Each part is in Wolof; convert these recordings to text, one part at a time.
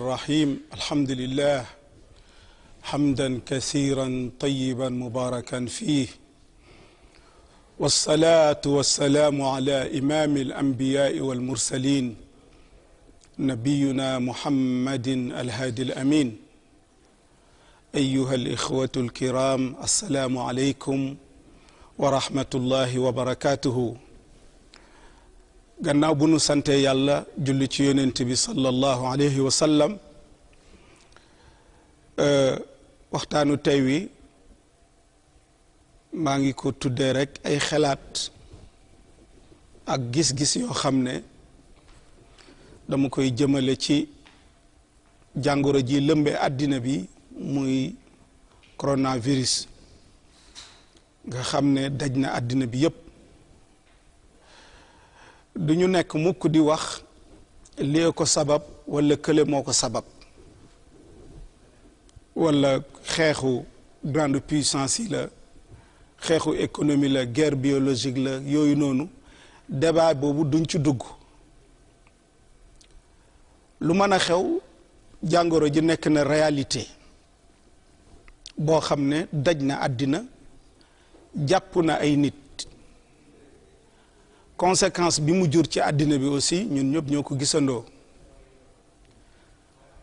الرحيم الحمد لله حمدا كثيرا طيبا مباركا فيه والصلاة والسلام على إمام الأنبياء والمرسلين نبينا محمد الهادي الأمين أيها الإخوة الكرام السلام عليكم ورحمة الله وبركاته gannaaw bu nu santee yàlla julli ci yonent bi sallallahu alayhi wa sallam euh, waxtaanu tey wi maa ngi ko tuddee rek ay xalaat ak gis-gis yoo xam ne dama koy jëmale ci jàngoro ji lëmbe àddina bi muy coronavirus nga xam ne daj na àddina bi yépp du ñu nekk mukk di wax lee ko sabab walla kële moo ko sabab wala xeexu grande puissance yi la xeexu économie la guerre biologique la yooyu noonu débat boobu duñ ci dugg lu mën a xew jàngoro ji nekk na réalité boo xam ne daj na àddina jàpp na ay nit conséquence bi mu jur ci àddina bi aussi ñun ñëpp ñoo ko gisandoo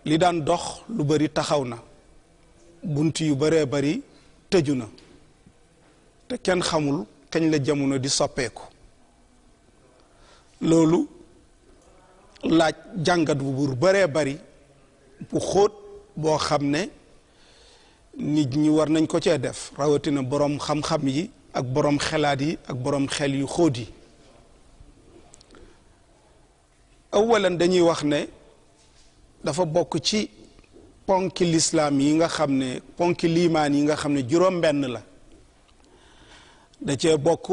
li daan dox lu bari taxaw na bunt yu baree bari tëju na te kenn xamul kañ la jamono di soppeeku loolu laaj jàngat bu buur baree bari bu xóot boo xam ne nit ñi war nañ ko cee def rawatina boroom xam-xam yi ak boroom xelaat yi ak boroom xel yu xóot yi awalan dañuy wax ne dafa bokk ci ponki lislaam yi nga xam ne ponki liimaan yi nga xam ne juróom-benn la da cee bokk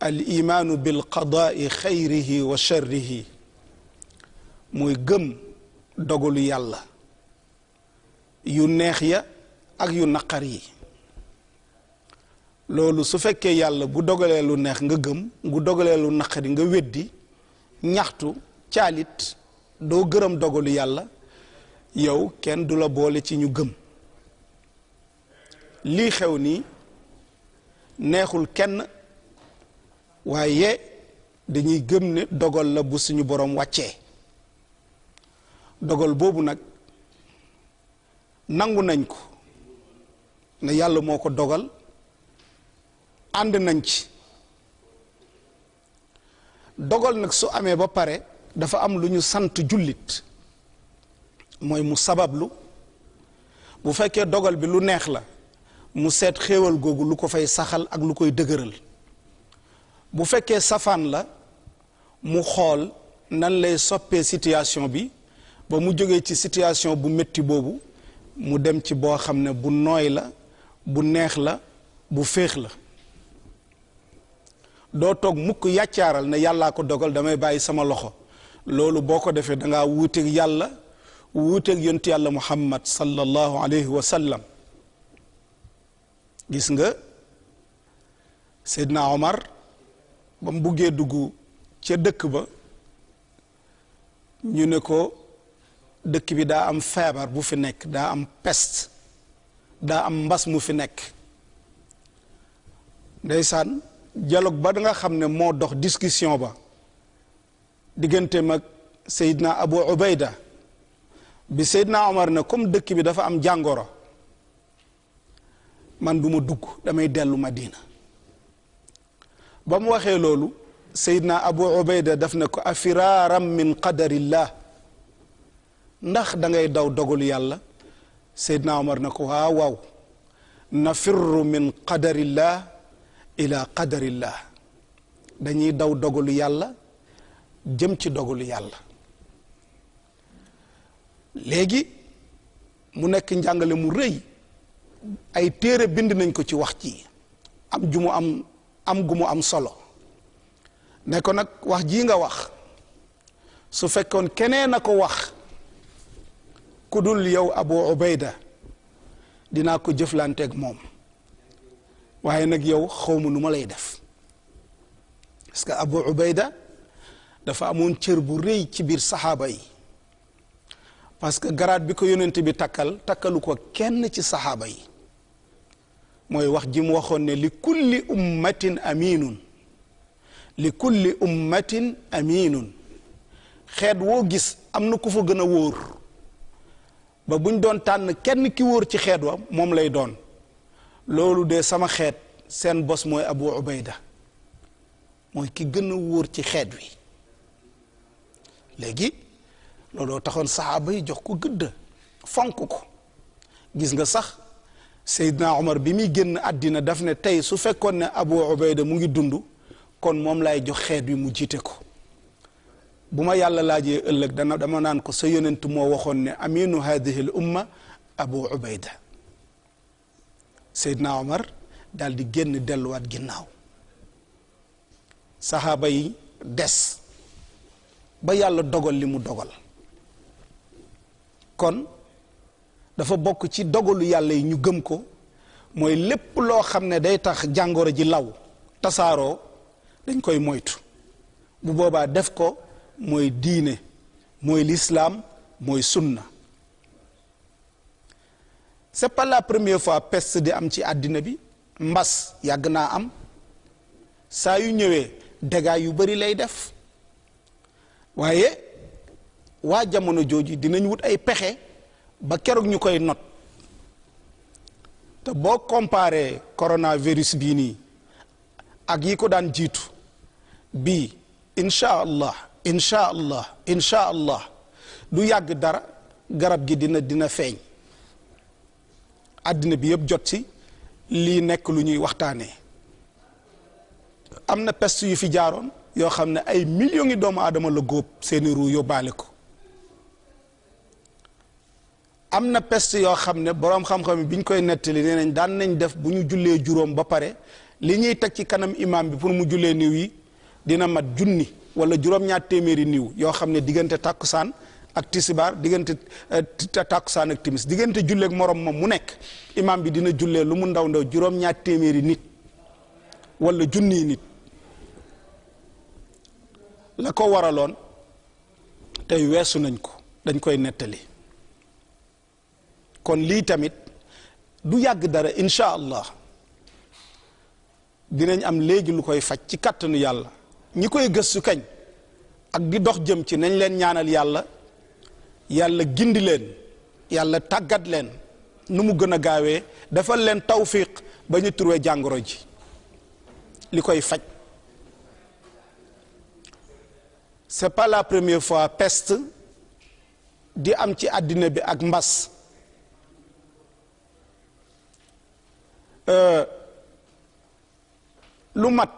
al imaanu bil qadaai xayrihi wa sharrihi muy gëm dogalu yàlla yu neex ya ak yu naqar yi loolu su fekkee yàlla bu dogalee lu neex nga gëm bu dogalee lu naqari nga weddi ñaxtu caalit doo gërëm dogalu yàlla yow kenn du la boole ci ñu gëm lii xew nii neexul kenn waaye dañuy gëm ne dogal la bu suñu borom wàccee dogal boobu nag nangu nañ ko ne yàlla moo ko dogal ànd nañ ci dogal nag su amee ba pare dafa am lu ñu sant jullit mooy mu sabablu bu fekkee dogal bi lu neex la mu seet xéewal googu lu ko fay saxal ak lu koy dëgëral bu fekkee safaan la mu xool nan lay soppee situation bi ba mu jógee ci situation bu métti boobu mu dem ci boo xam ne bu nooy la bu neex la bu féex la doo toog mukk yàccaaral ne yàllaa ko dogal damay bàyyi sama loxo loolu boo ko defee da ngaa yàlla wuuteeg yontu yàlla muhammad sallallahu alayhi wa sallam gis nga Seydina Omar ba mu buggee dugg ca dëkk ba ñu ne ko dëkk bi daa am feebar bu fi nekk daa am peste daa am mbas mu fi nekk ndeysaan dialogue ba da nga xam ne moo dox discussion ba digganteem ak Seydina Abu Ubayda bi Seydina Omar ne comme dëkk bi dafa am jàngoro man du ma dugg damay dellu Madina ba mu waxee loolu Seydina Abu Ubayda daf na ko afiraaram min qadarillah ndax dangay daw dogalu yàlla Seydina Omar na ko waaw waaw nafirru min qadarillah ila qadarillah dañuy daw dogalu yàlla jëm ci dogul yàlla léegi mu nekk njàngale mu rëy ay téere bind nañ ko ci wax ji am ju mu am am gu mu am solo ne ko nag wax ji nga wax su fekkoon keneen a ko wax ku dul yow Abu Ubayda dinaa ko jëflanteeg moom waaye nag yow xawma nu ma lay def parce que Abu Ubayda dafa amoon cër bu rëy ci biir saxaaba yi parce que garaat bi ko yonent bi takkal takkalu ko kenn ci saxaaba yi mooy wax ji waxoon ne li kulli ummatin aminun li kulli ummatin aminun xeet woo gis am na ku fa gën a wóor ba buñ doon tànn kenn ki wóor ci xeet wa moom lay doon loolu de sama xeet seen bos mooy abu ubayda mooy ki gën a wóor ci xeet wi léegi looloo taxoon saxaaba yi jox ko gëdd fonk ko gis nga sax Seydina Omar bi muy génn àddina daf ne tey su fekkoon ne Abu Ubayda mu ngi dund kon moom laay jox xeet wi mu jiite ko bu ma yàlla laajee ëllëg dana dama naan ko sa yonent moo waxoon ne aminu hadihil umma Abu Ubayda Seydina Omar daal di génn delluwaat ginnaaw saxaaba yi des ba yàlla dogal li mu dogal kon dafa bokk ci dogalu yàlla yi ñu gëm ko mooy lépp loo xam ne day tax jàngoro ji law tasaaroo dañ koy moytu bu boobaa def ko mooy diine mooy lislaam mooy sunna c'est pas la première fois peste di am ci àddina bi mbas yàgg naa am saa yu ñëwee dégâts yu bari lay def waaye waa jamono jooju dinañ wut ay pexe ba keroog ñu koy not te boo comparé coronavirus bii nii ak yi ko daan jiitu bii incha allah incha allah du yàgg dara garab gi dina dina feeñ àddina bi yëpp jot si lii nekk lu ñuy waxtaanee am na pest yu fi jaaroon. yoo xam ne ay millions ngi doomu aadama la góob seeni ruu yóbbaale ko am na peste yoo xam ne boroom xam-xam yi bi ñu koy nettali nee nañ daan nañ def bu ñu jullee juróom ba pare li ñuy teg ci kanam imaam bi pour mu jullee niw yi dina mat junni wala juróom-ñaar téeméeri niw yoo xam ne diggante tàkkusaan ak tisibaar diggante eh, tàkkusaan ak timis diggante julleeg moroom moom mu nekk imaam bi dina jullee lu mu ndaw ndaw juróom téeméeri nit wala junni nit la ko waraloon tey weesu nañ ko dañ koy nettali kon lii tamit du yàgg dara incha allah dinañ am léegi lu koy faj ci kàttanu yàlla ñi koy gëstu kañ ak di dox jëm ci nañ leen ñaanal yàlla yàlla gindi leen yàlla tàggat leen nu mu gën a gaawee defal leen tawfiq ba ñu trouvé jàngoro ji li koy faj c'est pas la première fois peste di am ci àddina bi ak mbas euh, lu mat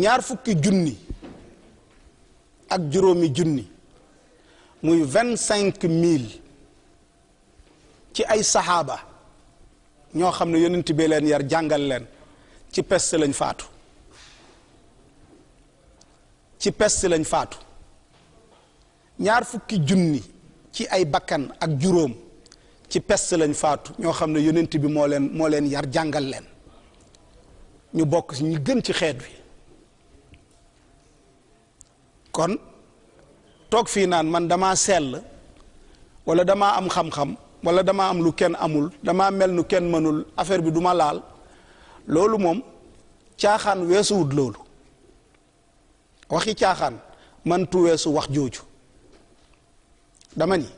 ñaar fukki junni ak juróomi junni muy vingt cinq mille ci ay saxaaba ñoo xam ne yonent bi leen yar jàngal leen ci peste lañ faatu ci peste lañ faatu ñaar fukki junni ci ay bakkan ak juróom ci pest lañ faatu ñoo xam ne yonent bi moo leen moo leen yar jàngal leen ñu bokk si ñu gën ci xeet wi kon toog fii naan man damaa sell walla damaa am xam-xam wala damaa am lu kenn amul damaa mel nu kenn mënul affaire bi duma laal loolu moom caaxaan weesuwut loolu waxi caaxaan man tuweesu wax jooju dama ni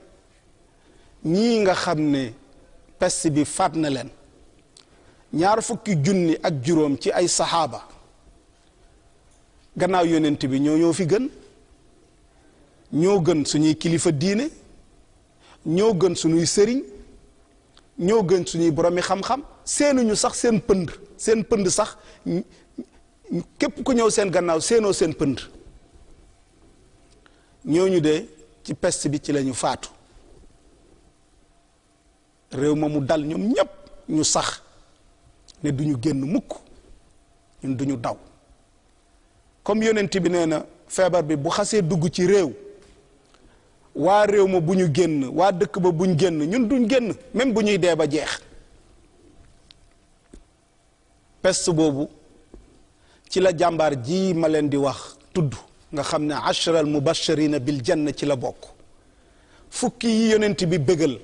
ñii nga xam ne peste bi faat na leen ñaar fukki junni ak juróom ci ay saxaaba gannaaw yonent bi ñoo ñoo fi gën ñoo gën suñuy kilifa diine ñoo gën suñuy sëriñ ñoo gën suñuy boromi xam-xam seenuñu sax seen pënd seen pënd sax képp ku ñëw seen gannaaw séenoo seen pënd ñu de ci pest bi ci lañu faatu réew ma mu dal ñoom ñépp ñu sax ne duñu génn mukk ñun duñu daw comme yonent bi nee na feebar bi bu xasee dugg ci réew waa réew ma bu ñu génn waa dëkk ba buñ génn ñun duñ génn même bu ñuy dee ba jeex pest boobu ci la jàmbaar ji ma leen di wax tudd nga xam ne ashral mubashirina bil janna ci la bokk fukki yi yonent bi bégal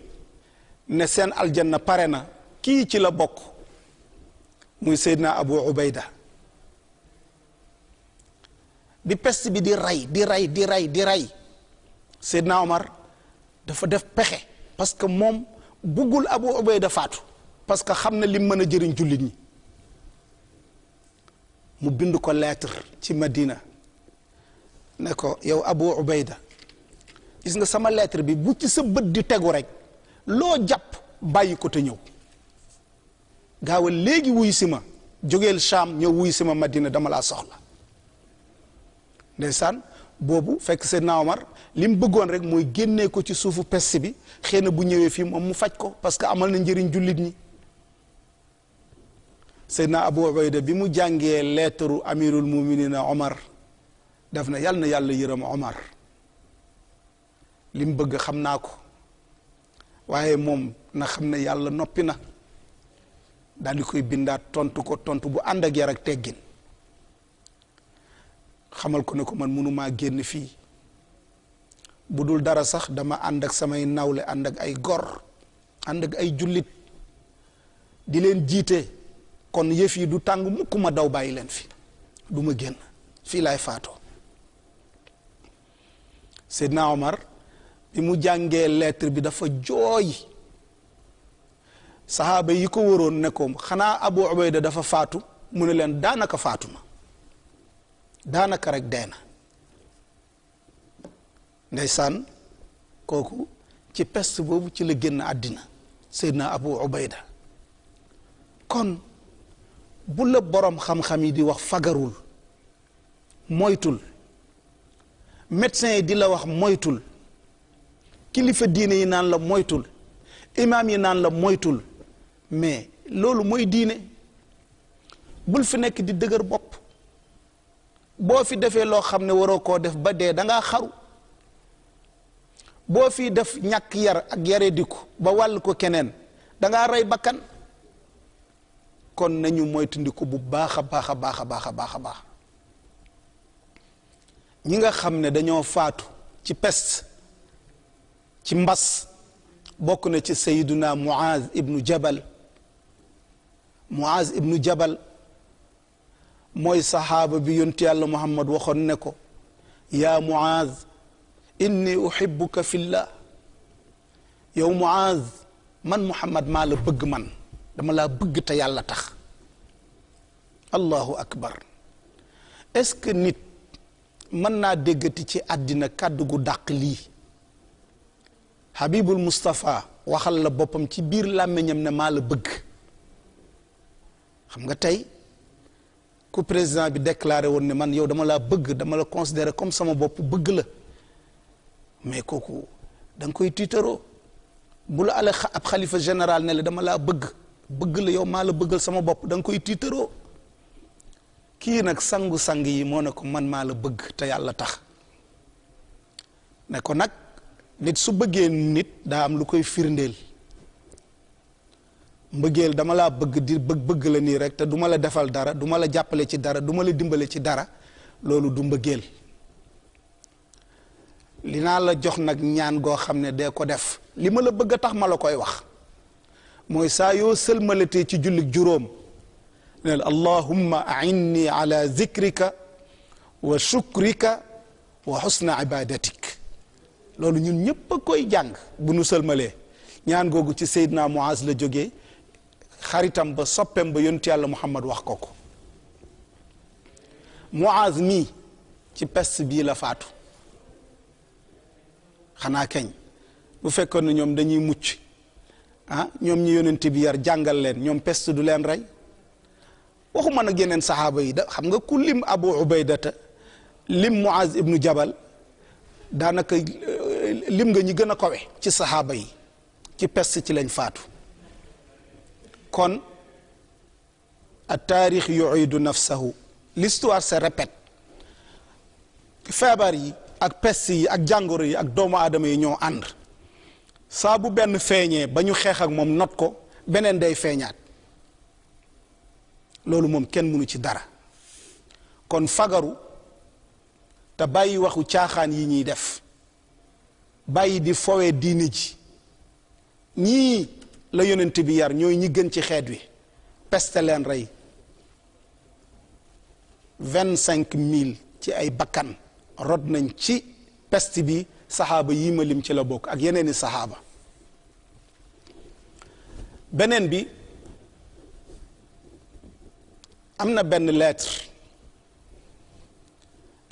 ne seen aljanna pare na kii ci la bokk muy seydna abu ubayda bi pest bi di rey di rey di rey di rey seydna omar dafa def pexe parce que moom buggul abu ubayda faatu parce que xam na lim mën a jëriñ jullit ñi mu bind ko lettre ci Madina ne ko yow Abu Ubayda gis nga sama lettre bi bu ci sa bët di tegu rek loo jàpp bàyyi ko te ñëw gaawal léegi wuyu si ma jógeel Sham ñëw wuy si ma Madina dama laa soxla ndeysaan boobu fekk Seydina Omar li mu bëggoon rek mooy génnee ko ci suufu pest bi xëy na bu ñëwee fii moom mu faj ko parce que amal na njëriñ jullit ñi seydna abu ubayda bi mu jàngee leetaru amirul muminina omar def na yàlla yàlla yërëm omar li mu bëgg xam naa ko waaye moom na xam na yàlla noppi na daal di koy bindaat tontu ko tontu bu ànd ak yar teggin xamal ko ne ko man mënumaa génn fii bu dul dara sax dama ànd ak samay nawle ànd ak ay gor ànd ak ay jullit di leen jiite kon yëf yi du tàng mukk ma daw bàyyi leen fi du ma génn fii laay faatoo Seydina Omar bi mu jàngee lettre bi dafa jooy saxaaba yi ko waroon ne ko xanaa Abu Ubayda dafa faatu mu ne leen daanaka faatu na daanaka rek dee na ndeysaan kooku ci peste boobu ci la génn àddina Seydina Abu Ubayda kon bu la boroom xam-xam yi di wax fagarul moytul médecin yi di la wax moytul kilifa diine yi naan la moytul imaam yi naan la moytul mais loolu mooy diine bul fi nekk di dëgër bopp boo fi defee loo xam ne waroo koo def ba dee da ngaa xaru boo fi def ñàkk yar ak yaree ko ba wàll ko keneen da rey bakkan kon nañu moytandiku bu baax a baax a baax a baax a baax a baax ñi nga xam ne dañoo faatu ci pes ci mbas bokk na ci sayiduna muaz ibnu jabal jabal mooy saxaaba bi yonti yàlla muhammad waxoon ne ko yaa muaz inni uhibbuka fillah yow muaz man muhammad maa la bëgg man dama laa bëgg te yàlla tax allahu akbar est-ce que nit mën naa déggati ci àddina kàddu gu dàq lii Habibul Moustapha waxal la boppam ci biir làmmiñam ne maa la bëgg xam nga tey ku président bi déclaré woon ne man yow dama laa bëgg dama la considéré comme sama bopp bëgg la mais kooku danga koy tiitaroo bu la ale ab xalifa général ne la dama laa bëgg bëgg la yow maa la bëggal sama bopp danga nga koy tiitaroo kii nag sangu-sang yi moo ne ko man maa la bëgg te yàlla tax ne ko nag nit su bëggee nit daa am lu koy firndeel mbëggeel dama laa bëgg di bëgg bëgg la nii rek te duma la defal dara duma la jàppale ci dara duma la dimbale ci dara loolu du mbëggeel li naa la jox nag ñaan goo xam ne dee ko def li ma la bëgg a tax ma la koy wax mooy saa yoo sëlmalatee ci jullik juróom neel allahumma ainni ala zikrika wa shukrika wa xusna ibadatik loolu ñun ñëpp koy jàng bu nu sëlmalee ñaan googu ci Seydina Muaz la jógee xaritam ba soppem ba yontu yàlla Muhammad wax ko ko mu Muaz mii ci peste bii la faatu xanaa kañ bu fekkoon ne ñoom dañuy mucc ah ñoom ñi yonent bi yar jàngal leen ñoom peste du leen rey waxuma nag yeneen saxaaba yi da xam nga ku lim abu ubaydata lim muaz ibnu jabal daanaka eh, lim nga ñi gën a kowe ci saxaaba yi ci pest ci lañ faatu kon a taarix yuidu nafsahu l'histoire se répète feebar yi ak pest yi ak jàngoro yi ak doomu aadama yi ñoo ànd saa bu benn feeñee ba ñu xeex ak moom not ko beneen day feeñaat loolu moom kenn mënu ci dara kon fagaru te bàyyi waxu caaxaan yi ñuy def bàyyi di fowee diine ji ñii la yonent bi yar ñooy ñi gën ci xeet wi peste leen rey vingt cinq mille ci ay bakkan rod nañ ci pest bi saxaaba yii ma lim ci la bokk ak yeneeni saxaaba beneen bi am na benn lettre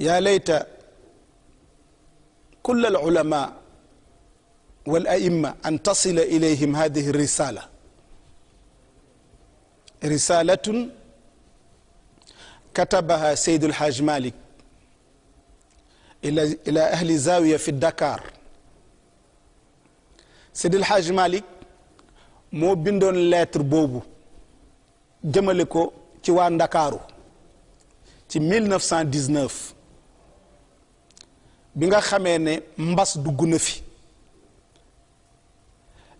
yaa layta kull al ulama wal aimma an tasila ilayhim hadihi risala risalatun katabaha Seydou El Hadj Malick ila ila ahli zawiya fi Dakar Seydou El Hadj Malick moo bindoon lettre boobu jëmale ko ci waa Ndakaaru ci 1919 bi nga xamee ne mbas dugg na fi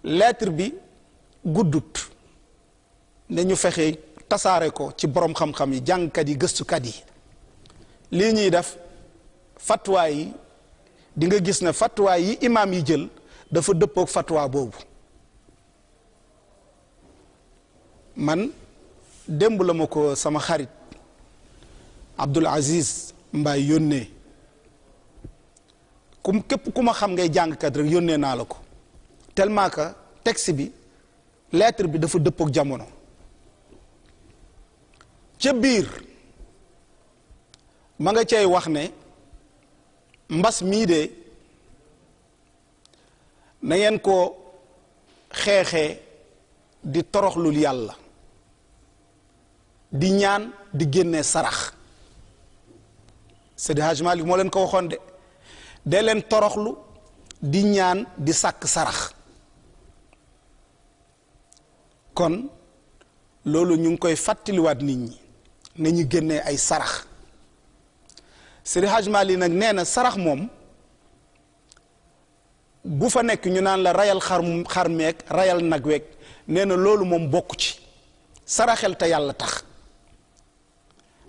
lettre bi guddut ne ñu fexe tasaare ko ci boroom xam-xam yi jàngkat yi gëstukat yi lii ñuy def fatwa yi di nga gis ne fatwa yi imaam yi jël dafa dëppook fatwa boobu man démb la ma ko sama xarit Abdoul Aziz Mbaye yónnee kum képp ku ma xam ngay jàngkat rek yónnee naa la ko tellement que texte bi lettre bi dafa dëppook jamono ca biir ma nga cay wax ne mbas mii de na ngeen ko xeexee di toroxlul yàlla di ñaan di génnee sarax Seydi Hajj Malik moo leen ko waxoon de dee leen toroxlu di ñaan di sàkk sarax kon loolu ñu ngi koy fàttaliwaat nit ñi na ñu génnee ay sarax Seydi Hajj Malik nag nee na sarax moom bu fa nekk ñu naan la rayal xar xar meeg nag weeg nee na loolu moom bokku ci saraxel te yàlla tax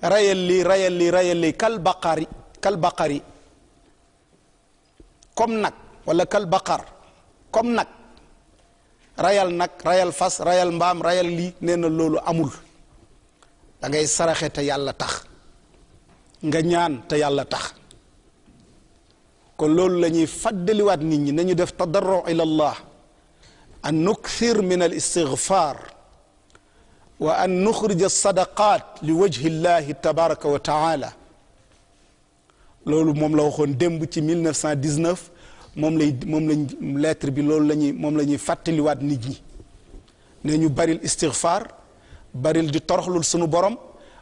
rayal lii rayal lii rayal lii kal baqari kal nag walla kal kom nag rayal nag rayal fas rayal mbaam rayal lii nee na loolu amul dangay saraxe te yàlla tax nga ñaan te yàlla tax kon loolu lañuy ñuy fàddaliwaat nit ñi nañu def tadarru ila allah an nukthir min al istighfar waa an nuxrija sadaqaat li wajhi llahi tabaraka wa loolu moom la waxoon démb ci 1919 moom lay moom lañ lettre bi loolu la ñuy moom la ñuy fàttaliwaat nit ñi ne ñu baril istigfaar baril di toroxlul sunu borom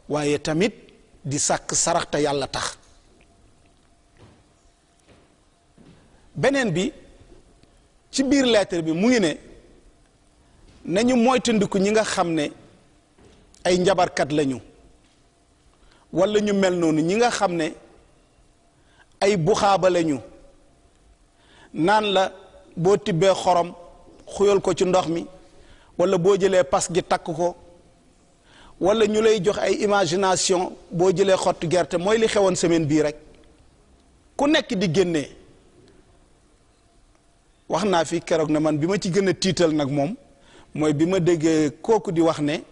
waaye tamit di sàkk saraxta yàlla tax beneen bi ci biir lettre bi mu ngi ne nañu moytandiku ñi nga xam ne ay njabarkat lañu walla ñu mel noonu ñi nga xam ne ay buxaaba lañu naan la boo tibbee xorom xuyal ko ci ndox mi walla boo jëlee pas gi takk ko walla ñu lay jox ay imagination boo jëlee xottu gerte mooy li xewoon semaine bii rek ku nekk di génnee wax naa fi keroog na man bi ma ci gën a tiital nag moom mooy bi ma déggee kooku di wax ne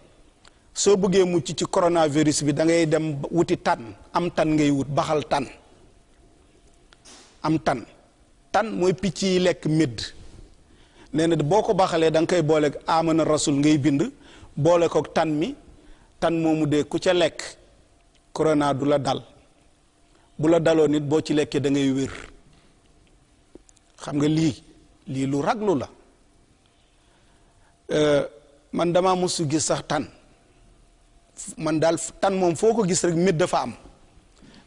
soo bëggee mucc ci coronavirus bi da ngay dem wuti tan am tan ngay wut baxal tan am tan tan mooy picc yi lekk médd nee na boo ko baxalee danga nga koy booleeg amana rasul ngay bind boole ko tan mi tan moomu de ku ca lekk corona du la dal bu la daloo nit boo ci lekkee da ngay wér xam nga lii lii lu raglu la euh, man dama mosu gis sax tan man daal tan moom foo ko gis rek mét dafa am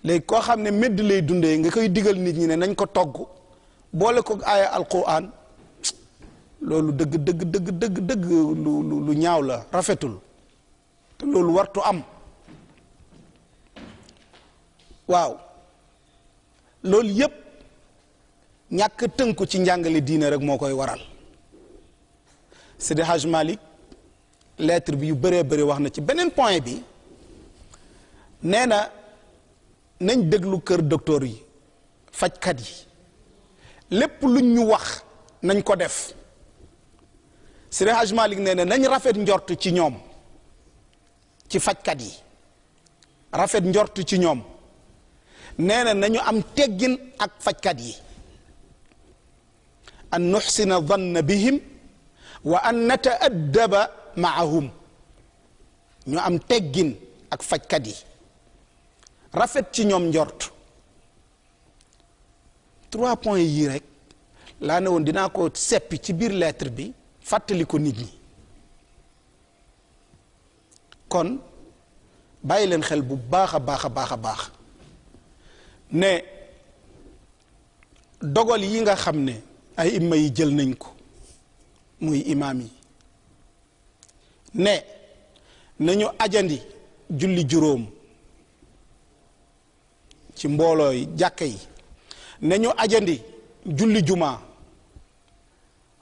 léegi koo xam ne medd lay dundee nga koy digal nit ñi ne nañ ko togg boole ko aaya alquran loolu dëgg dëgg dëgg dëgg lu lu ñaaw la rafetul te loolu wartu am waaw loolu yépp ñàkk tënku ci njàngale diine rek moo koy waral Seydi Hajj Malik lettre bi yu bëree bëri wax na ci beneen point bi nee na nañ déglu kër docteur yi fajkat yi lépp lu ñu wax nañ ko def Seydi Hadj Malick nee nañ rafet njort ci ñoom ci fajkat yi rafet njort ci ñoom neena nañu am teggin ak fajkat yi an nuxsina zanna bihim wa an nataddaba maahum ñu am teggin ak fajkat yi rafet ci ñoom njort trois points yii rek laa ne woon dinaa ko seppi ci biir lettre bi fàttali ko nit ñi kon bàyyi leen xel bu baax a baax a baax a baax ne dogal yi nga xam ne ay imma yi jël nañ ko muy imaam yi ne nañu ajandi julli juróom ci mbooloo yi jàkka yi nañu ajandi julli jumaa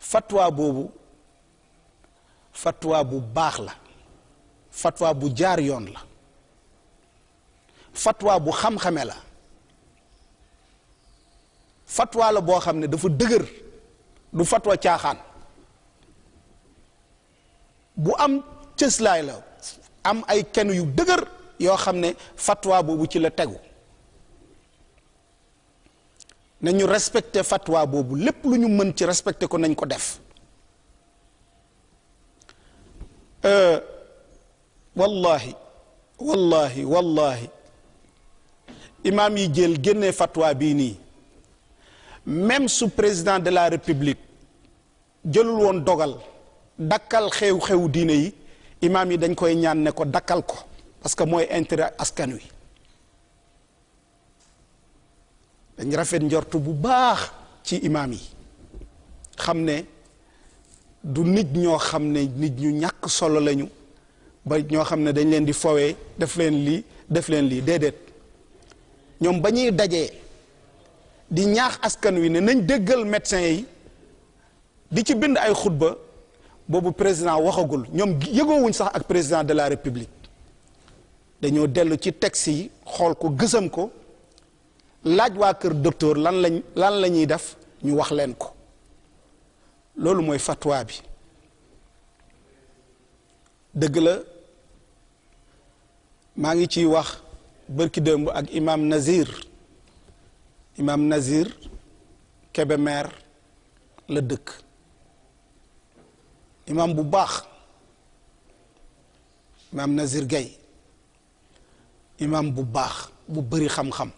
fatwa boobu fatwa bu baax la fatwa bu jaar yoon la fatwa bu xam-xame la fatwa la boo xam ne dafa dëgër du fatwa caaxaan bu am cëslaay la am ay kenn yu dëgër yoo xam ne fatwa boobu ci la tegu nañu respecté fatwa boobu lépp lu ñu mën ci respecté ko nañ ko def euh, wallahi wallahi wallahi imaam yi jël génnee fatwa bii nii même su président de la république jëlul woon dogal dakkal xew xew diine yi imaam yi dañ koy ñaan ne ko dakkal ko parce que mooy intérêt askan wi dañ rafet njortu bu baax ci imaam yi xam ne du nit ñoo xam ne nit ñu ñàkk solo lañu ba ñoo xam ne dañ leen di fowee def leen lii def leen lii déedéet ñoom ba ñuy dajee di ñaax askan wi ne nañ dëggal médecin yi di ci bind ay xutba boobu président waxagul ñoom yëgoowuñ sax ak président de la république dañoo dellu ci texte yi xool ko gësëm ko laaj waa kër docteur lan lañ lan la ñuy def ñu wax leen ko loolu mooy fatwa bi dëgg la maa ngi ciy wax bërki démb ak imam Nazir imam Nazir Kébémer la dëkk imam bu baax imam Nazir Gaye imam bu baax bu bari xam-xam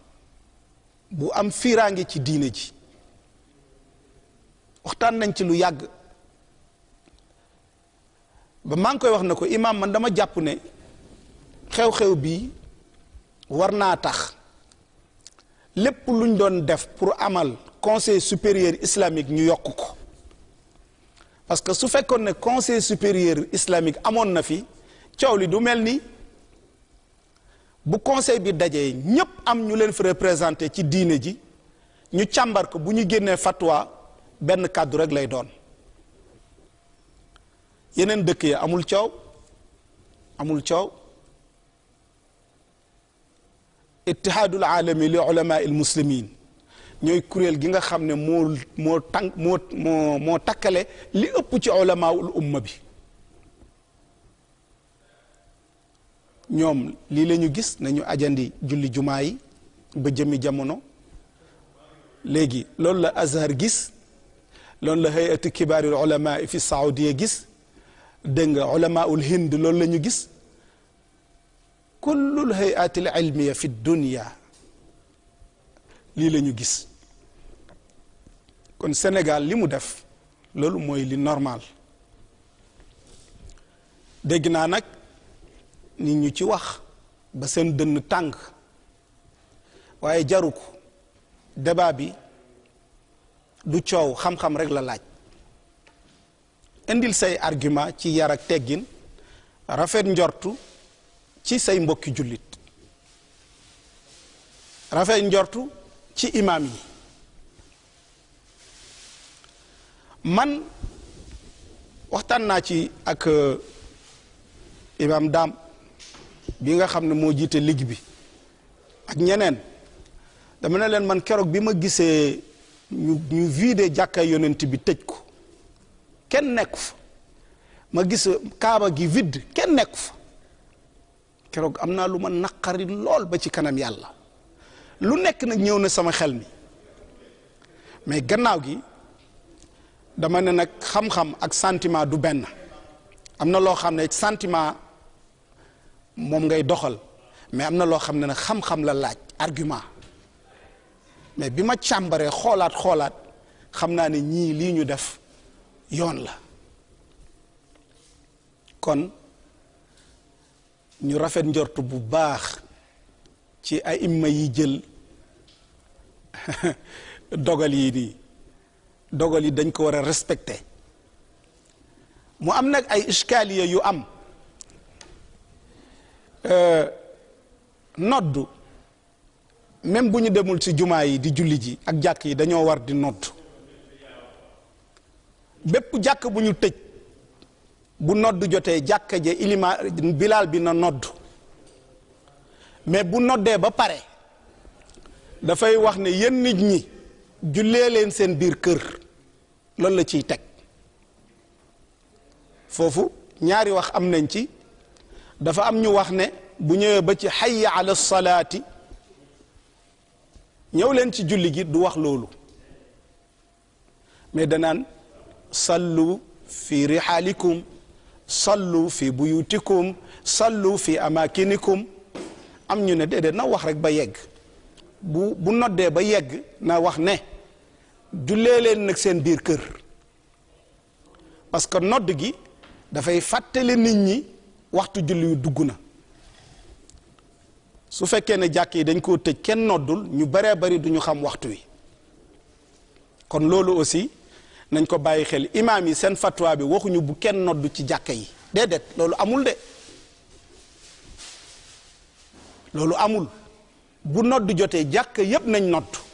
bu am fiiraange ci diine ji waxtaan nañ ci lu yàgg ba maa ngi koy wax na ko imaam man dama jàpp ne xew-xew bii war naa tax lépp luñ doon def pour amal conseil supérieur islamique ñu yokk ko parce que su fekkoon ne conseil supérieur islamique amoon na fi coow li du mel ni bu conseil bi dajee ñépp am ñu leen fi représenté ci diine ji ñu càmbar ko bu ñu génnee fatwa benn kàddu rek lay doon yeneen dëkk yi amul coow amul coow ittihaadul aalami li ulamaa il muslimin ñooy kuréel gi nga xam ne moo moo tan moo moo takkale li ëpp ci ulamaaul umma bi ñoom lii la ñu gis nañu ajandi julli jumaa yi ba jëmmi jamono léegi loolu la Azhar gis loolu la hayatu kibaaril ulama fi saoudia gis dégg nga ulamaul hind loolu la ñu gis kullul hayatil ilmiya fi dunia lii lañu gis kon Sénégal li mu def loolu mooy li normal dégg naa nag nit ñu ci wax ba seen dënn tàng waaye jaru ko débat bi du coow xam-xam rek la laaj indil say argument ci yar ak teggin rafet njortu ci say mbokki jullit rafet njortu ci imaam yi man waxtaan naa ci ak euh, imam daam bi nga xam ne moo jiite ligg bi ak ñeneen dama ne leen man keroog bi ma gisee ñu vide vidé yonent bi tëj ko kenn nekku fa ma gis kaaba gi vide kenn nekku fa keroog am naa lu ma naqari lool ba ci kanam yàlla lu nekk nag ñëw na sama xel mi mais gannaaw gi dama ne nag xam-xam ak sentiment du benn am na loo xam ne sentiment moom ngay doxal mais am na loo xam ne nag xam-xam la laaj argument mais bi ma càmbaree xoolaat xoolaat xam naa ne ñii lii ñu def yoon la kon ñu rafet njort bu baax ci ay imma yi jël dogal yii nii dogal yi dañ ko war a respecté mu am nag ay iskaliya yu am euh, noddu même bu ñu demul ci jumaa yi di julli ji ak jàkk yi dañoo war di nodd bépp jàkk bu ñu tëj bu nodd jotee jàkk je ilima bilaal bi na nodd mais bu noddee ba pare dafay wax ne yéen nit ñi jullee leen seen biir kër loolu la ciy teg foofu ñaari wax am nañ ci dafa am ñu wax ne bu ñëwee ba ci hayya ala salaati ñëw leen ci julli gi du wax loolu mais danaan sallu fi rihaalikum sallu fi buyutikum sallu fi amakinikum am ñu ne déedéet na wax rek ba yegg bu bu noddee ba yegg na wax ne jullee leen nag seen biir kër parce que nodd gi dafay fàttali nit ñi waxtu julli dugg na su fekkee ne jàkk yi dañ koo tëj kenn noddul ñu baree bari duñu xam waxtu wi kon loolu aussi nañ ko bàyyi xel imaam yi seen fatwa bi waxuñu bu kenn nodd ci jàkk yi déedéet loolu amul de loolu amul bu nodd jotee jàkk yépp nañ nodd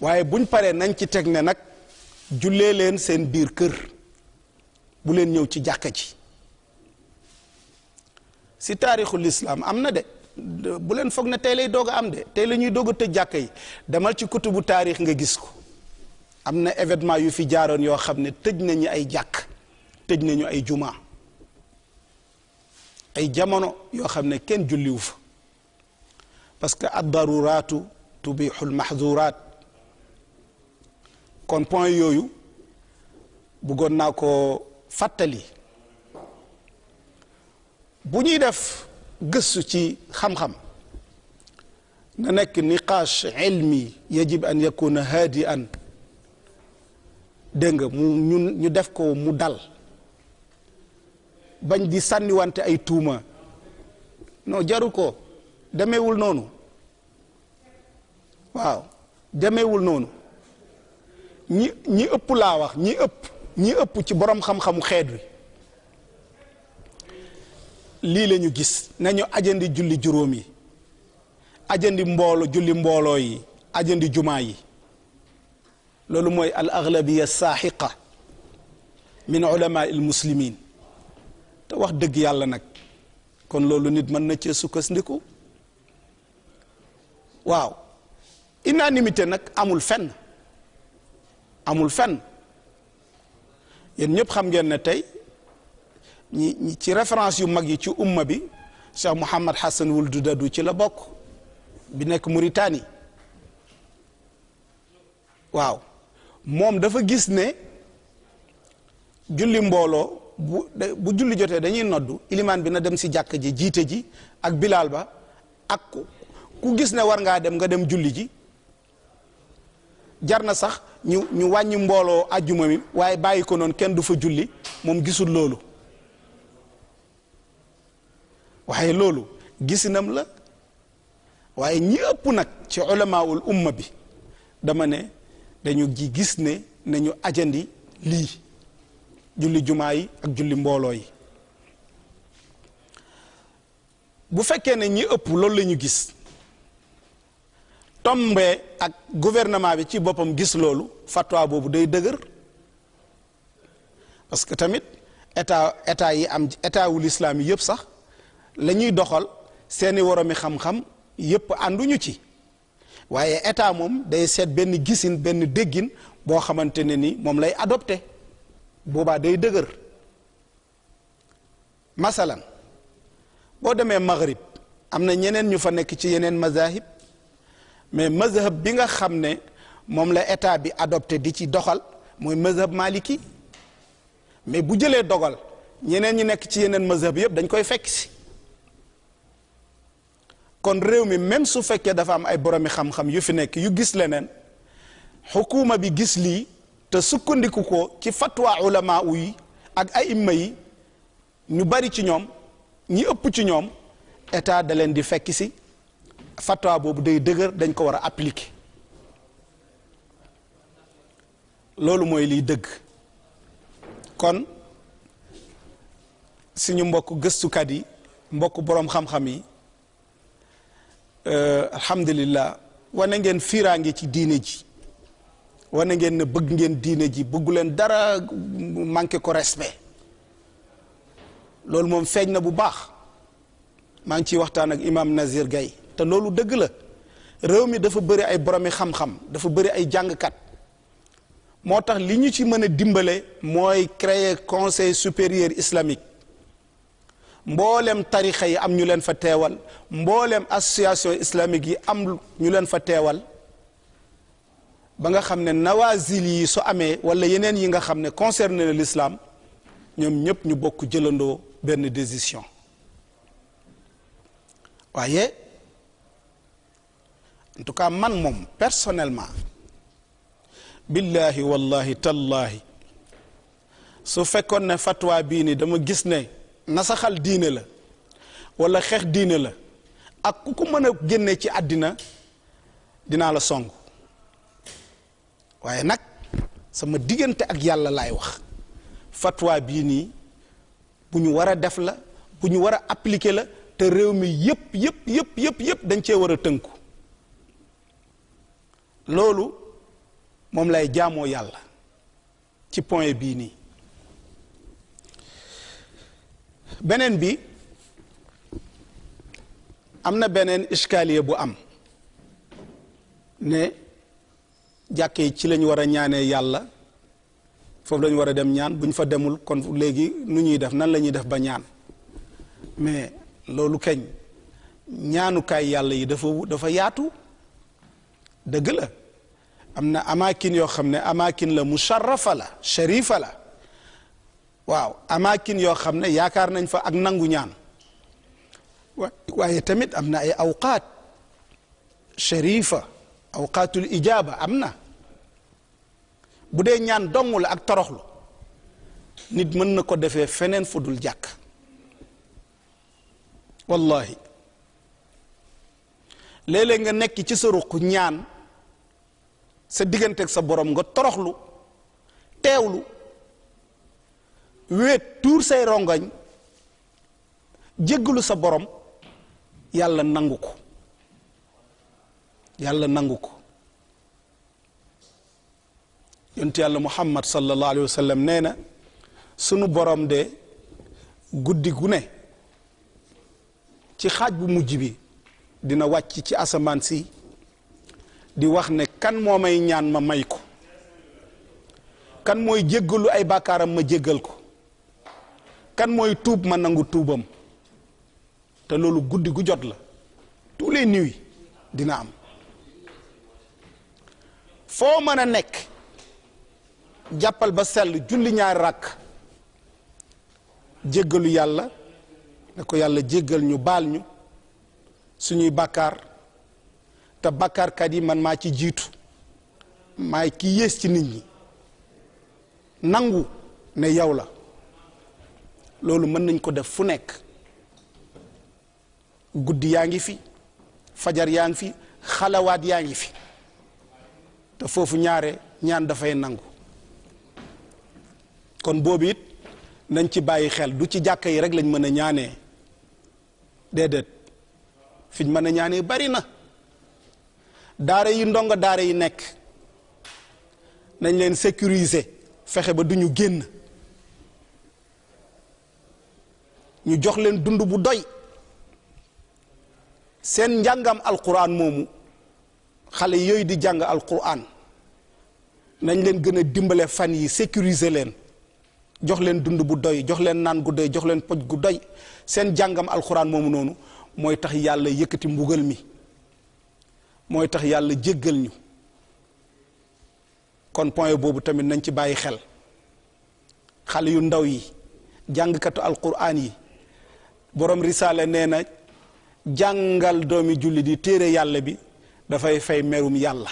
waaye buñ paree nañ ci teg ne nag jullee leen seen biir kër bu leen ñëw ci jàkk ji si taarixu lislaam am na de bu leen foog na tey lay doog a am de tey la doog a tëj jàkk yi demal ci kutubu taarix nga gis ko am na événement yu fi jaaroon yoo xam ne tëj nañu ay jàkk tëj nañu ay jumaa ay jamono yoo xam ne kenn julliwu fa parce que ad daruraatu tubixul mahdurat kon point yooyu bëggoon naa ko fàttali bu ñuy def gëstu ci xam-xam na nekk niqaash ilmi yajib an yakuna haadi an dégg nga mu ñun ñu def ko mu dal bañ di sànniwante ay tuuma non jaru ko demewul noonu waaw demewul noonu ñi ëpp laa wax ñi ëpp ñi ëpp ci borom xam-xamu xeet wi lii lañu gis nañu ajandi julli juróom yi ajandi mboolo julli mbooloo yi ajandi jumaa yi loolu mooy al aglabiya saaxiqa min ulama il muslimin te wax dëgg yàlla nag kon loolu nit mën na cee ndiku waaw unanimité nag amul fenn amul fenn yéen ñëpp xam ngeen ne tey ñi ci référence yu mag yi ci umma bi Cheikh Mouhamad Hassan wul Dudadu ci la bokk bi nekk muritani waaw moom dafa gis ne julli mbooloo bu bu julli jotee dañuy noddu ilimaan bi na dem si jàkk ji jiite ji ak bilaal ba ak ku gis ne war ngaa dem nga dem julli ji jar na sax ñu wàññi mbooloo àjjuma mi waaye bàyyi ko noonu kenn du fa julli moom gisul loolu waaye loolu gisinam la waaye ñi ëpp nag ci ulamaawul umma bi dama ne dañu ji gis ne nañu ajandi lii julli jumaa yi ak julli mbooloo yi bu fekkee ne ñi ëpp loolu la gis tombee ak gouvernement bi ci boppam gis loolu fatwa boobu day dëgër parce que tamit état état yi am état wu lislaam yi yëpp sax la ñuy doxal seeni woromi xam-xam yëpp ànduñu ci waaye état moom day seet benn gisin benn déggin boo xamante ne ni moom lay adopté boobaa day dëgër masalan boo demee maghrib am na ñeneen ñu fa nekk ci yeneen mazahib mais mazhab bi nga xam ne moom la état bi adopté di ci doxal mooy mazhab maliki mais bu jëlee dogal ñeneen ñi nekk ci yeneen mazhab yëpp dañ koy fekk si kon réew mi même su fekkee dafa am ay boromi xam-xam yu fi nekk yu gis leneen xukuma bi gis lii te sukkandiku ko ci fatwa ulama yi ak ay imma yi ñu bari ci ñoom ñi ëpp ci ñoom état da leen di fekk si fatwa boobu day dëgër dañ ko war a appliquer loolu mooy liy dëgg kon suñu mbokk gëstukat yi mbokk boroom xam-xam yi euh, alhamdulillah wane ngeen fiiraa ngi ci diine ji wane ngeen bëgg ngeen diine ji bëggu leen dara manqué ko respect loolu moom feeñ na bu baax maa ngi ciy waxtaan ak imam Nazir Gaye te loolu dëgg la réew mi dafa bëri ay boromi xam-xam dafa bëri ay jàngkat moo tax li ñu ci mën a dimbale mooy créer conseil supérieur islamique mbooleem tarixa yi am ñu leen fa teewal mbooleem association islamique yi am ñu leen fa teewal ba nga xam ne nawazil yi su amee wala yeneen yi nga xam ne concerné na l'islam ñoom ñëpp ñu bokk jëlandoo benn décision waaye en man moom personnellement billahi wallahi tallahi su fekkoon ne fatwa bii ni dama gis ne nasaxal diine la wala xeex diine la ak ku ko mën a génne ci àddina dinaa la songu waaye nag sama diggante ak yàlla laay wax fatwa bii nii bu ñu war a def la bu ñu war a appliquer la te réew mi yëpp yëpp yëpp yëpp yëpp dañ cee war a tënku loolu moom lay jaamoo yàlla ci point bii nii beneen bi am na beneen iskaliye bu am ne jàkk yi ci lañ war a ñaanee yàlla foofu lañ war a dem ñaan buñ fa demul kon léegi nu ñuy def nan lañuy def ba ñaan mais loolu keñ ñaanukaay yàlla yi dafa dafa yaatu dëgg la am na amakin yoo xam ne amakin la musharrafa la sharifa la waaw amakin yoo xam ne yaakaar nañ fa ak nangu ñaan waaye tamit am na ay awqaat sharifa awqaatul ijaaba am na bu dee ñaan dong la ak toroxlu nit mën na ko defee feneen fu dul jàkk wallahi léeg nga nekk ci sa ñaan sa digganteeg sa borom nga toroxlu teewlu wéet tuur say rongañ jéggalu sa borom yàlla nangu ko yàlla nangu ko yontu yàlla muhammad sallallahu alayhi nee na sunu borom de guddi gu ne ci xaaj bu mujj bi dina wàcc ci asamaan si di wax ne kan moo may ñaan ma may ko kan mooy jéggalu ay bàkkaaram ma jéggal ko kan mooy tuub ma nangu tuubam te loolu guddi gu jot la tous les nuits dina am foo mën a nekk jàppal ba sell julli ñaari ràkk jéggalu yàlla ne ko yàlla jéggal ñu baal ñu suñuy bàkkaar te bakkaarkat yi man maa ci jiitu maay ki yées ci nit ñi nangu ne yow la loolu mën nañ ko def fu nekk guddi yaa ngi fi fajar yaa ngi fi xalawaat yaa ngi fi te foofu ñaare ñaan dafay nangu kon boobu it nañ ci bàyyi xel du ci jàkka yi rek lañ mën a ñaanee déedéet fiñ mën a ñaanee bari na daare yi ndongo daara yi nekk nañ leen sécuriser fexe ba du ñu génn ñu jox leen dund bu doy seen njàngam alquran moomu xale yooyu di jàng alquran nañ leen gën a dimbale fan yi sécuriser leen jox leen dund bu doy jox leen naan gu doy jox leen poj gu doy seen jàngam alquran moomu noonu mooy tax yàlla yëkkati mbugal mi mooy tax yàlla jéggal ñu kon point boobu tamit nañ ci bàyyi xel xale yu ndaw yi jàngkatu alquran yi borom risaale nee na jàngal doomi julli di téere yàlla bi dafay fay merum yàlla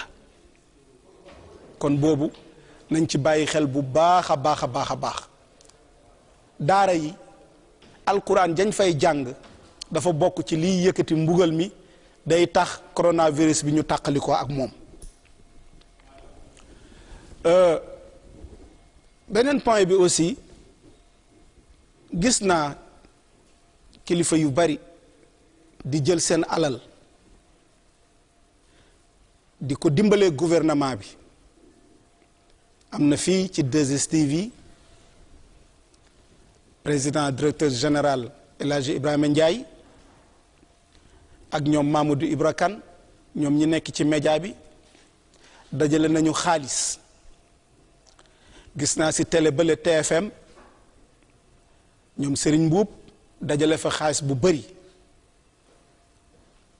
kon boobu nañ ci bàyyi xel bu baax a baax a baax a baax daara yi alquran dañ fay jàng dafa bokk ci liy yëkkati mbugal mi day tax coronavirus bi ñu tàqalikoo ak moom euh, beneen point bi aussi gis naa kilifa yu bari di jël seen alal di ko dimbalee gouvernement bi am na fii ci 2STV président directeur général El Hadji Ibrahima Ndiaye ak ñoom Mamadou Ibra Kane ñoom ñi nekk ci média bi dajale nañu xaalis gis naa si télé bële TFM ñoom sëriñ Mbuub dajale fa xaalis bu bari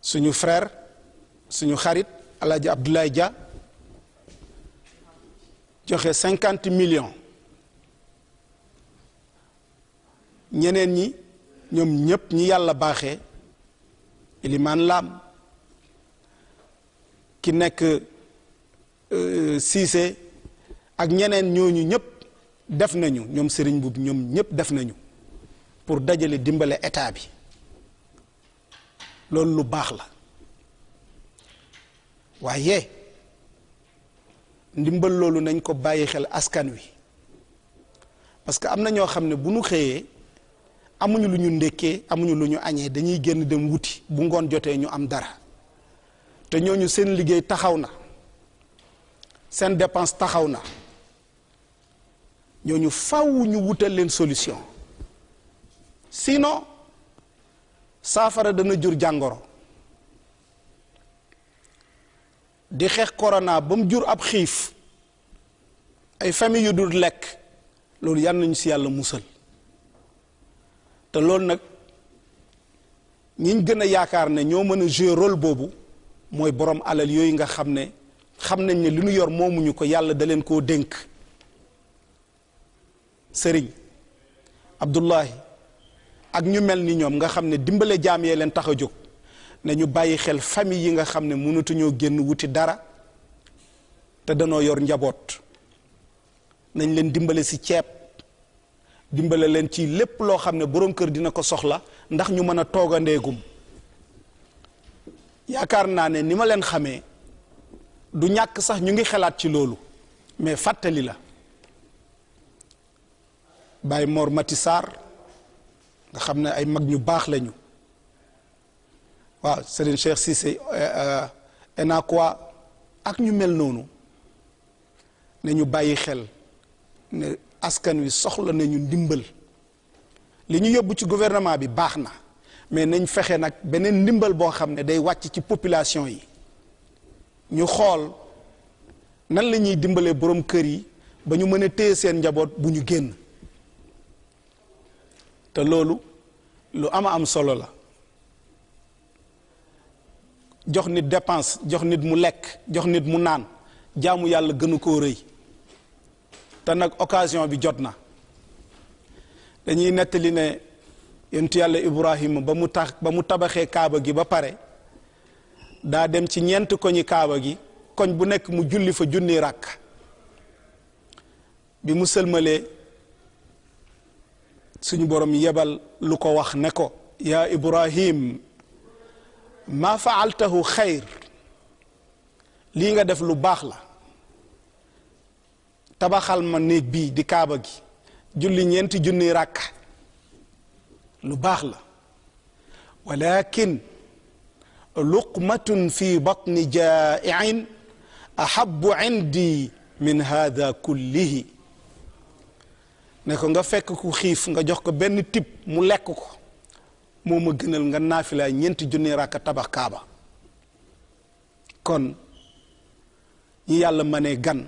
suñu frère suñu xarit Alaaji Abdoulaye Dia joxe cinquante millions ñeneen ñi ñoom ñépp ñi yàlla baaxee Eliman laam ki nekk euh, Cissé ak ñeneen ñooñu ñëpp def nañu ñoom sëriñ bu ñoom ñëpp def nañu pour dajale dimbale état bi loolu lu baax la waaye ndimbal loolu nañ ko bàyyi xel askan wi parce que am na ñoo xam ne bu nu xëyee amuñu lu ñu ndekkee amuñu lu ñu añee dañuy génn dem wuti bu ngoon jotee ñu am dara te ñooñu seen liggéey taxaw na seen dépense taxaw na ñooñu faw ñu wutal leen solution sinon saafara dana jur jàngoro di xeex corona ba mu jur ab xiif ay famille yu dul lekk loolu yal nañu si yàlla musal te loolu nag ñiñ gën a yaakaar ne ñoo mën a jouer role boobu mooy borom alal yooyu nga xam ne xam nañ ne li ñu yor moomuñu ko yàlla da leen koo dénk sëriñ Abdullahi ak ñu mel ni ñoom nga xam ne dimbale jaam yee leen tax a jóg ne ñu bàyyi xel famille yi nga xam ne mënatuñoo génn wuti dara te danoo yor njaboot nañ leen dimbale si ceeb dimbale leen ci lépp loo xam ne boroom kër dina ko soxla ndax ñu mën a toog yaakaar naa ne ni ma leen xamee du ñàkk sax ñu ngi xalaat ci loolu mais fàttali la Baye Mor Mati Sarr nga xam ne ay mag ñu baax lañu waaw Serigne Cheikh Cissé euh, euh, Enakwa ak ñu mel noonu ne ñu bàyyi xel askan wi soxla nañu ndimbal li ñu yóbbu ci gouvernement bi baax na mais nañ fexe nag beneen ndimbal boo xam ne day wàcc ci population yi ñu xool nan la ñuy dimbalee borom kër yi ba ñu mën a téye seen njaboot bu ñu génn te loolu lu ama am solo la jox nit dépense jox nit mu lekk jox nit mu naan jaamu yàlla gënu koo rëy te nag occasion bi jot na dañuy nettali ne yontu yàlla Ibrahima ba mu tax ba mu tabaxee kaaba gi ba pare daa dem ci ñeent koñi kaaba gi koñ bu nekk mu julli fa junni ràkk bi mu sëlmalee suñu borom yebal lu ko wax ne ko yaa Ibrahim maa faaltahu xayr lii nga def lu baax la tabaxal ma néeg bii di kaaba gi julli ñeenti junni ràkk lu baax la walakin luqmatun fi batni jaain ahabu indi min hada kullihi ne ko nga fekk ku xiif nga jox ko benn tib mu lekk ko moo ma gënal nga naafila ñeenti junni ràkk tabax kaaba kon ñi yàlla ma ne gan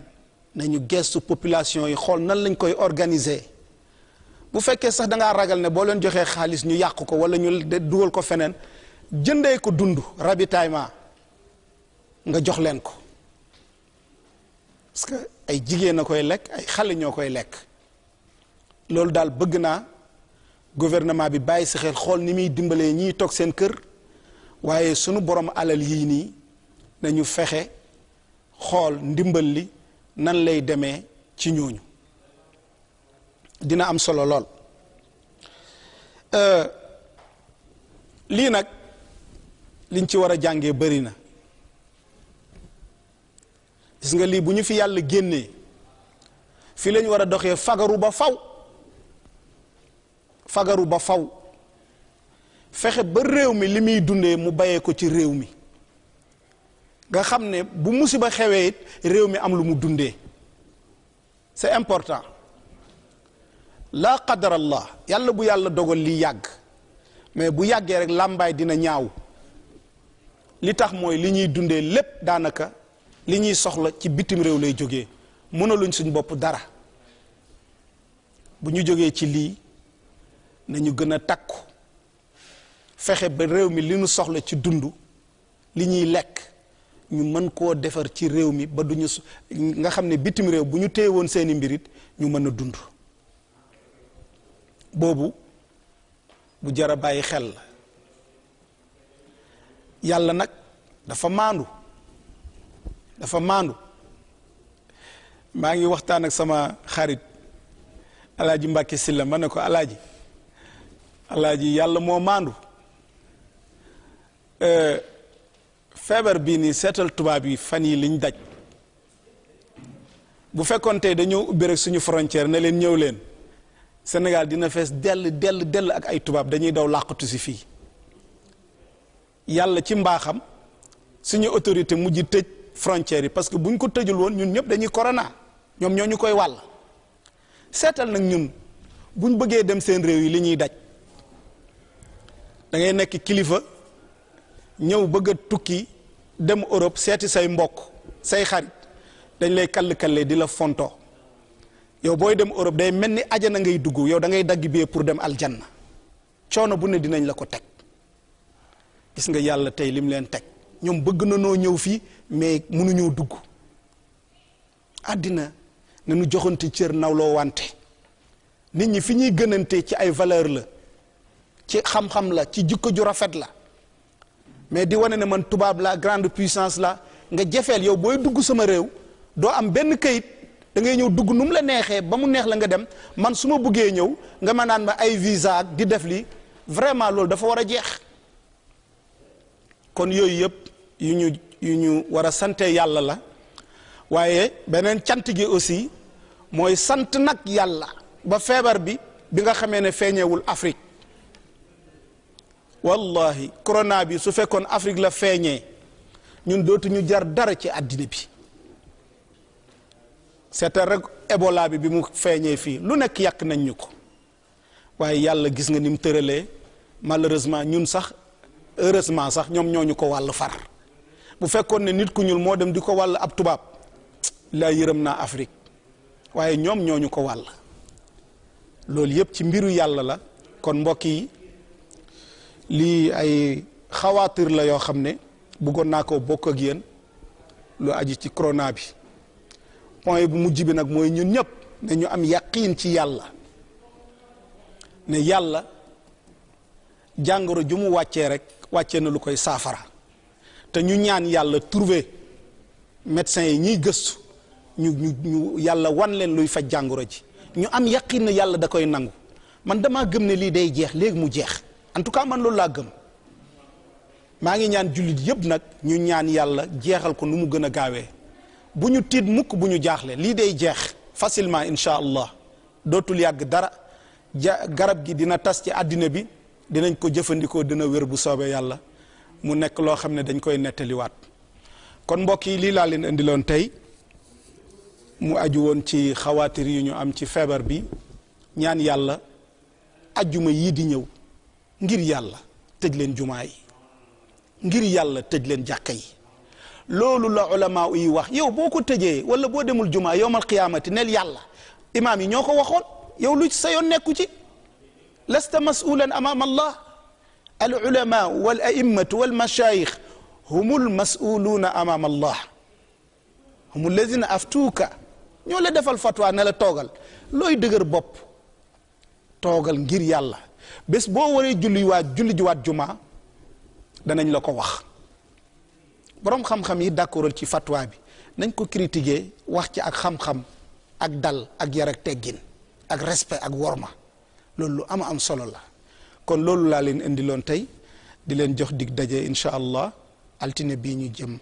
nañu gestu population yi xool nan lañ koy organiser bu fekkee sax dangaa ragal ne boo leen joxee xaalis ñu yàq ko wala ñu dugal ko feneen jëndee ko dund ravitaillement nga jox leen ko parce que ay jigéen a koy lekk ay xale ñoo koy lekk loolu daal bëgg naa gouvernement bi bàyyi si xool ni muy dimbalee ñiy toog seen kër waaye sunu borom alal yii nii nañu fexe xool ndimbal li nan lay demee ci ñooñu dina am solo lool euh, lii nag liñ ci war a jàngee bari na gis nga lii bu ñu fi yàlla génnee fii lañ war a doxee fagaru ba faw fagaru ba faw fexe ba réew mi li muy dundee mu bayee ko ci réew mi nga xam ne bu musiba xewee it réew mi am lu mu dundee c'est important laa qadarallah yàlla bu yàlla dogal li yàgg mais bu yàggee rek làmbaay dina ñaaw li tax mooy li ñuy dundee lépp daanaka li ñuy soxla ci bitim réew lay jógee mënaluñ suñ bopp dara bu ñu jógee ci lii nañu gën a takku fexe ba réew mi li ñu soxla ci dund li ñuy lekk ñu mën koo defar ci réew mi ba du ñu nga xam ne bitim réew bu ñu téye woon seeni mbirit ñu mën a dund boobu bu jara bàyyi xel la yàlla nag dafa maandu dafa maandu maa ngi waxtaan ak sama xarit alaaji Mbàkke Silla ma ne ko alaaji alaaji yàlla moo maandu feebar bii nii seetal tubaab yi fan yi liñ daj bu fekkoon tey dañoo ubbi rek suñu frontière ne leen ñëw leen Sénégal dina fees dell dell dell ak ay tubaab dañuy daw làqatu si fii yàlla ci mbaaxam suñu autorité mujj tëj frontière yi parce que buñ ko tëjul woon ñun ñëpp dañuy korona ñoom ñoo ñu koy wàll seetal nag ñun buñ bëggee dem seen réew yi li ñuy daj dangay nekk kilifa ñëw bëgg a tukki dem Europe seeti say mbokk say xarit dañ lay kall-kalle di la fonto yow booy dem Europe day mel ni ajana ngay dugg yow da ngay dagg bee pour dem aljanna coono bu ne dinañ la ko teg gis nga yàlla tey lim leen teg ñoom bëgg na noo ñëw fii mais mënuñoo dugg àddina na nu joxante cër nawloo wante nit ñi fi ñuy gënante ci ay valeur la ci xam-xam la ci jikko ju rafet la mais di wane ne man tubaab la grande puissance la nga jefeel yow booy dugg sama réew doo am benn kayit da ngay ñëw dugg nu mu la neexee ba mu neex la nga dem man su ma buggee ñëw nga ma naan ma ay visa ak di def lii vraiment loolu dafa war a jeex kon yooyu yëpp yu ñu yu ñu war a sante yàlla la waaye beneen cant gi aussi mooy sant nag yàlla ba feebar bi bi nga xamee ne feeñewul Afrique wallahi corona bi su fekkoon Afrique la feeñee ñun dootuñu jar dara ci àddina bi seetal rek Ebola bi bi mu feeñee fii lu nekk yàq nañ ñu ko waaye yàlla gis nga ni mu tëralee malheureusement ñun sax heureusement sax ñoom ñoo ñu ko wàll far bu fekkoon ne nit ku ñuul moo dem di ko wàll ab tubaab laa yërëm naa Afrique waaye ñoom ñoo ñu ko wàll loolu yépp ci mbiru yàlla la kon mbokk yi. lii ay xawaatir la yoo xam ne buggoon naa ko bokk ak yéen lu aji ci corona bi point bu mujj bi nag mooy ñun ñëpp nañu am yaqiin ci yàlla ne yàlla jàngoro ju mu wàccee rek wàcce na lu koy saafara te ñu ñaan yàlla trouver médecins yi ñiy gëstu ñu ñu ñu yàlla wan leen luy faj jàngoro ji ñu am yaqiin ne yàlla da koy nangu man dama gëm ne lii day jeex léegi mu jeex en tout cas man loolu laa gëm maa ngi ñaan jullit yëpp nag ñu ñaan yàlla jeexal ko nu mu gën a gaawee bu ñu tiit mukk bu ñu jaaxle lii day jeex facilement incha allah dootul yàgg dara ja garab gi dina tas ci àddina bi dinañ ko jëfandikoo dina wér bu soobee yàlla mu nekk loo xam ne dañ koy nettaliwaat kon mbokk yi lii laa leen indiloon tey mu aju woon ci xawaatir yi ñu am ci feebar bi ñaan yàlla ajjuma yii di ñëw ngir yàlla tëj leen jumaa yi ngir yàlla tëj leen jàkka yi loolu la ulama yi wax yow boo ko tëjee wala boo demul jumaa yowmal qiyaamati neel yàlla imaam yi ñoo ko waxoon yow lu sa yoon nekku ci lasta masulan amaam allah al ulama wal a'immatu wal mashaayix humul masuluuna amaam allah humul lazina aftuuka ñoo la defal fatwa ne la toogal looy dëgër bopp toogal ngir yàlla bés boo waree julli waat julli jiwaat jumaa danañ la ko wax boroom xam-xam yi d'accordal ci fatwa bi nañ ko critiquer wax ci ak xam-xam ak dal ak yar ak teggin ak respect ak worma loolu lu am am solo la kon loolu laa leen indiloon tey di leen jox dig daje incha allah altine bii ñu jëm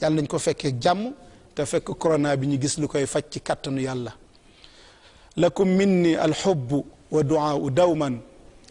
yàlla nañ ko fekkee jàmm te fekk corona bi ñu gis lu koy faj ci kàttanu yàlla lakum minni alxubbu wa duaau dawman